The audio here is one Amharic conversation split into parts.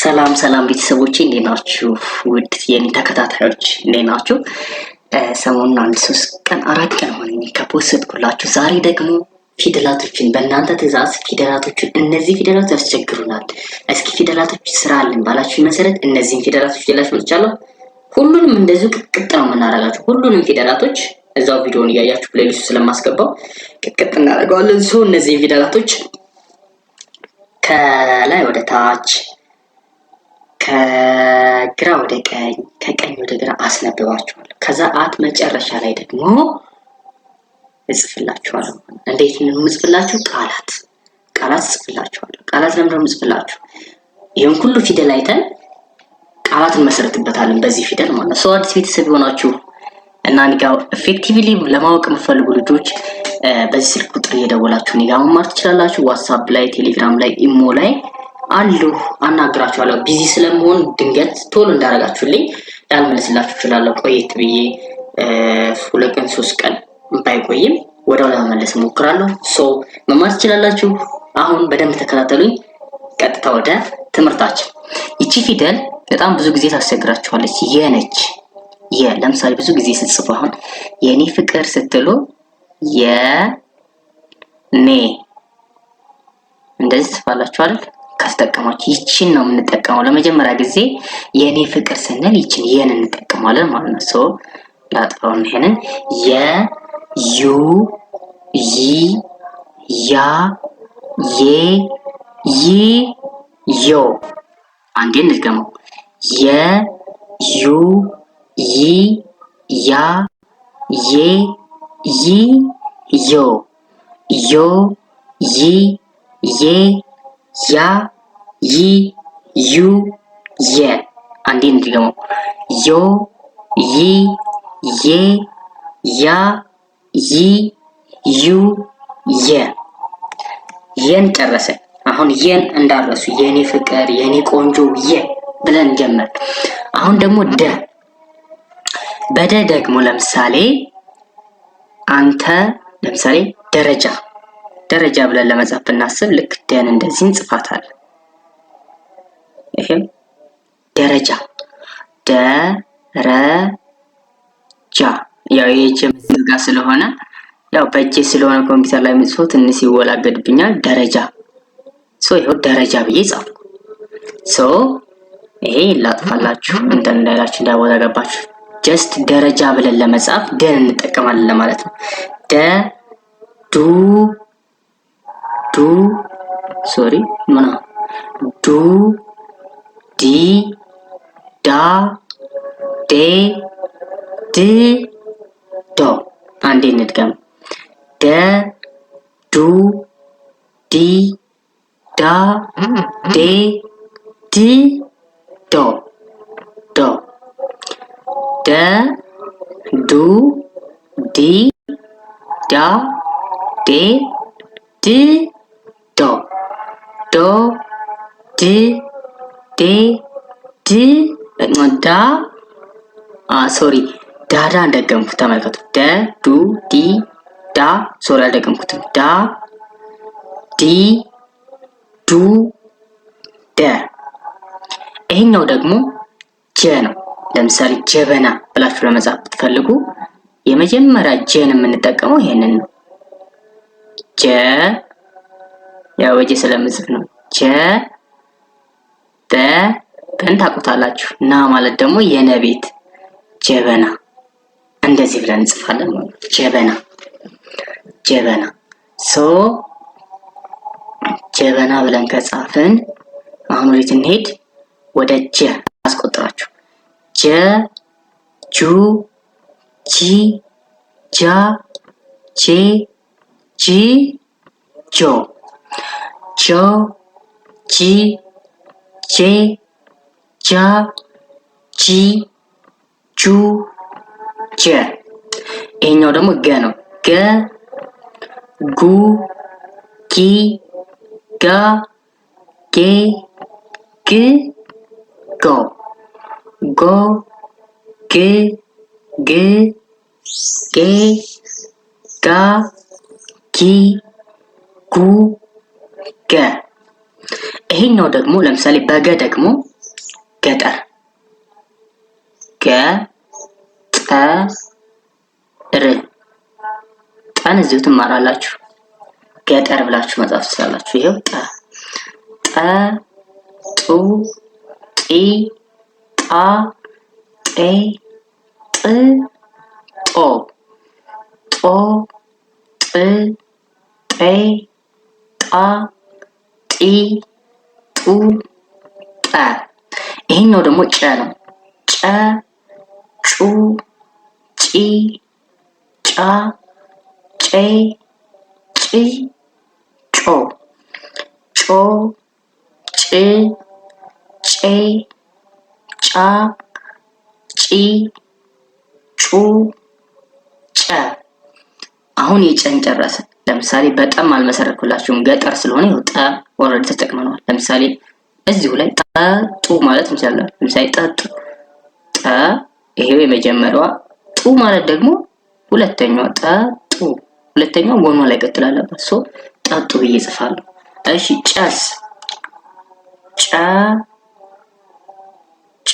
ሰላም ሰላም ቤተሰቦቼ እንዴት ናችሁ? ውድ የኔ ተከታታዮች እንዴት ናችሁ? ሰሞኑን አንድ ሶስት ቀን አራት ቀን ሆነኝ ከፖስትኩላችሁ። ዛሬ ደግሞ ፊደላቶችን በእናንተ ትዕዛዝ ፊደላቶችን እነዚህ ፊደላት ያስቸግሩናል፣ እስኪ ፊደላቶች ስራ አለን ባላችሁ መሰረት እነዚህን ፊደላቶች ሌላች መጥቻለሁ። ሁሉንም እንደዚሁ ቅጥቅጥ ነው የምናደርጋቸው። ሁሉንም ፊደላቶች እዛው ቪዲዮን እያያችሁ ፕሌሊስቱ ስለማስገባው ቅጥቅጥ እናደርገዋለን። እነዚህን ፊደላቶች ከላይ ወደ ታች ከግራ ወደ ቀኝ ከቀኝ ወደ ግራ ከዛ አት መጨረሻ ላይ ደግሞ እጽፍላችኋል። እንዴት ነው የምጽፍላችሁ? ቃላት ቃላት እጽፍላችኋል። ቃላት ለምንድን ነው የምጽፍላችሁ? ይህን ሁሉ ፊደል አይተን ቃላት እንመሰርትበታለን። በዚህ ፊደል ማለት ነው። ሰው አዲስ ቤተሰብ የሆናችሁ እና ኒጋ ኤፌክቲቭሊ ለማወቅ የምፈልጉ ልጆች በዚህ ስልክ ቁጥር እየደወላችሁ ኒጋ መማር ትችላላችሁ። ዋትሳፕ ላይ፣ ቴሌግራም ላይ፣ ኢሞ ላይ አሉ አናግራችኋለሁ። ቢዚ ስለመሆን ድንገት ቶሎ እንዳደረጋችሁልኝ ላልመልስላችሁ እችላለሁ። ቆየት ብዬ ሁለት ቀን ሶስት ቀን ባይቆይም ወደ ኋላ መመለስ እሞክራለሁ። ሶ መማር ትችላላችሁ። አሁን በደንብ ተከታተሉኝ። ቀጥታ ወደ ትምህርታችን። ይቺ ፊደል በጣም ብዙ ጊዜ ታስቸግራችኋለች። የነች የ ለምሳሌ ብዙ ጊዜ ስትጽፉ አሁን የእኔ ፍቅር ስትሉ የኔ እንደዚህ ትጽፋላችኋል። ካስጠቀማችሁ ይችን ነው የምንጠቀመው። ለመጀመሪያ ጊዜ የእኔ ፍቅር ስንል ይችን የን እንጠቀማለን ማለት ነው። ሶ ላጥፋውን ይሄንን የ ዩ ይ ያ ዬ ይ ዮ አንዴ እንድገመው የ ዩ ይ ያ ዬ ይ ዮ ዮ ይ ዬ ያ ይ ዩ የ አንዴ እንድገሙ ዮ ይ ዬ ያ ይ ዩ የ የን ጨረስን። አሁን የን እንዳረሱ የኔ ፍቅር፣ የኔ ቆንጆ የ ብለን ጀመር። አሁን ደግሞ ደ በደ ደግሞ ለምሳሌ አንተ ለምሳሌ ደረጃ ደረጃ ብለን ለመጻፍ ብናስብ ልክ ደን እንደዚህ እንጽፋታለን። ይሄም ደረጃ ደረጃ ያው የእጅ መዝጋ ስለሆነ ያው በእጄ ስለሆነ ኮምፒውተር ላይ ምጽፎ ትንሽ ይወላገድብኛል። ደረጃ ሶ ይሄው ደረጃ ብዬ ጻፍኩ። ሶ ይሄ ይላጥፋላችሁ እንትን እንዳይላችሁ እንዳያወዛገባችሁ ጀስት ደረጃ ብለን ለመጻፍ ደን እንጠቀማለን ማለት ነው። ደ ዱ du sorry mana du di da ዴ ድ ዶ አንዴ እንድገም። ደ ዱ ዲ ዳ ዴ ድ ዶ ዶ ደ ዱ ዲ ዳ ዴ ድ ድ ዴ ድ ዳ ሶሪ ዳዳ ደገምኩት። ተመልከቱ ደ ዱ ዲ ዳ ሶሪ አልደገምኩትም። ዳ ዲ ዱ ደ። ይሄኛው ደግሞ ጀ ነው። ለምሳሌ ጀበና ብላችሁ ለመጻፍ ብትፈልጉ የመጀመሪያ ጀን የምንጠቀመው ይሄንን ነው። ጀ ያው በጀ ስለምጽፍ ነው ጀ በን ታቁታላችሁ ና ማለት ደግሞ የነ ቤት ጀበና፣ እንደዚህ ብለን እንጽፋለን ጀበና ጀበና። ሶ ጀበና ብለን ከጻፍን አሁን ወዴት እንሄድ? ወደ ጀ አስቆጥራችሁ ጀ ጁ ጂ ጃ ጄ ጂ ጆ ጆ ጂ J, J, G, J, J. Ino do mo gano. G, Gu, G, G, G, G, G, Go, Ge, Ge, G Ga, Gi, Gu, Ga. ይሄኛው ደግሞ ለምሳሌ በገ ደግሞ ገጠር ር ጠን እዚሁ ትማራላችሁ። ገጠር ብላችሁ መጻፍ ትችላላችሁ። ይሄው ጠ ጠ ጡ ጢ ጣ ጤ ጥ ጦ ጦ ጥ ጤ ጣ ጢ ጩ ጠ። ይሄኛው ደግሞ ጨ ነው። ጨ ጩ ጪ ጫ ጬ ጪ ጮ ጮ ጭ ጬ ጫ ጪ ጩ ጨ። አሁን የጨን ጨረስን። ለምሳሌ በጣም አልመሰረትኩላችሁም ገጠር ስለሆነ ይኸው ጠ ወረድ ተጠቅመነዋል። ለምሳሌ እዚሁ ላይ ጠጡ ማለት እንችላለን። ለምሳሌ ጠጡ ጠ ይሄው የመጀመሪያዋ ጡ ማለት ደግሞ ሁለተኛዋ ጠጡ ሁለተኛው ጎኗ ላይ ቀጥል አለባት። ሶ ጠጡ ብዬ እጽፋለሁ። እሺ ጨስ ጨ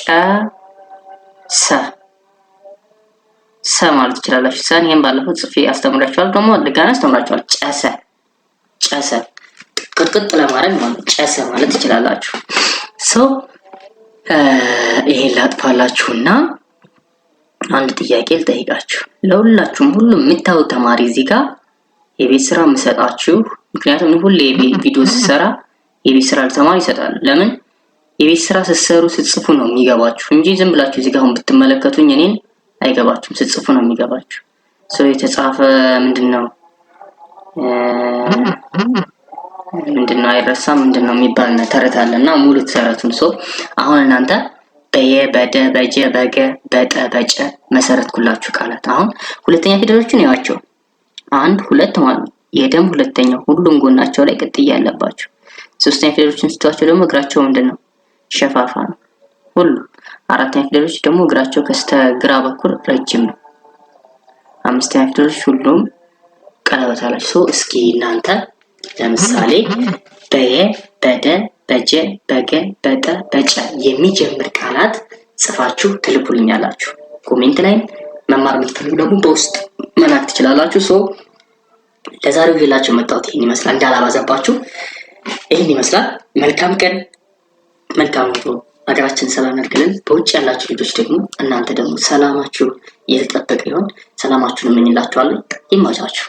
ጨ ሳ ሰ ማለት ትችላላችሁ። ሰን ይህም ባለፈው ጽፌ አስተምራችኋል። ደግሞ ልጋና አስተምራችኋል። ጨሰ ጨሰ ቅጥቅጥ ለማድረግ ማለት ጨሰ ማለት ትችላላችሁ። ሰው ይሄን ላጥፋላችሁና አንድ ጥያቄ ልጠይቃችሁ። ለሁላችሁም ሁሉም የምታዩ ተማሪ እዚህ ጋር የቤት ስራ የምሰጣችሁ፣ ምክንያቱም ሁሌ ቪዲዮ ስሰራ የቤት ስራ ለተማሪ ይሰጣል። ለምን የቤት ስራ ስትሰሩ ስትጽፉ ነው የሚገባችሁ እንጂ ዝም ብላችሁ እዚህ ጋር አሁን ብትመለከቱኝ እኔን አይገባችሁም። ስትጽፉ ነው የሚገባችሁ። ሰው የተጻፈ ምንድን ነው ምንድን ነው አይረሳም፣ ምንድን ነው የሚባል ተረት አለ እና ሙሉ ተረቱን ሰው አሁን እናንተ በየ በደ በጀ በገ በጠ በጨ መሰረትኩላችሁ ቃላት። አሁን ሁለተኛ ፊደሎችን ያዋቸው አንድ ሁለት ማለት ነው። የደም ሁለተኛ ሁሉም ጎናቸው ላይ ቅጥያ ያለባቸው። ሶስተኛ ፊደሎችን ስትዋቸው ደግሞ እግራቸው ምንድን ነው ሸፋፋ ነው ሁሉ አራተኛ ፊደሎች ደግሞ እግራቸው ከስተግራ በኩል ረጅም ነው። አምስተኛ ፊደሎች ሁሉም ቀለበት አላቸው። እስኪ እናንተ ለምሳሌ በየ በደ በጀ በገ በጠ በጨ የሚጀምር ቃላት ጽፋችሁ ትልኩልኛላችሁ። ኮሜንት ላይ መማር የምትፈልጉ ደግሞ በውስጥ መላክ ትችላላችሁ። ሰው ለዛሬው ሌላቸው መጣሁት ይህን ይመስላል። እንዳላባዘባችሁ ይህን ይመስላል። መልካም ቀን፣ መልካም ኑሮ ሀገራችን ሰላም ያድርግልን። በውጭ ያላችሁ ልጆች ደግሞ እናንተ ደግሞ ሰላማችሁ የተጠበቀ ይሆን፣ ሰላማችሁን እመኝላችኋለን። ይመቻችሁ።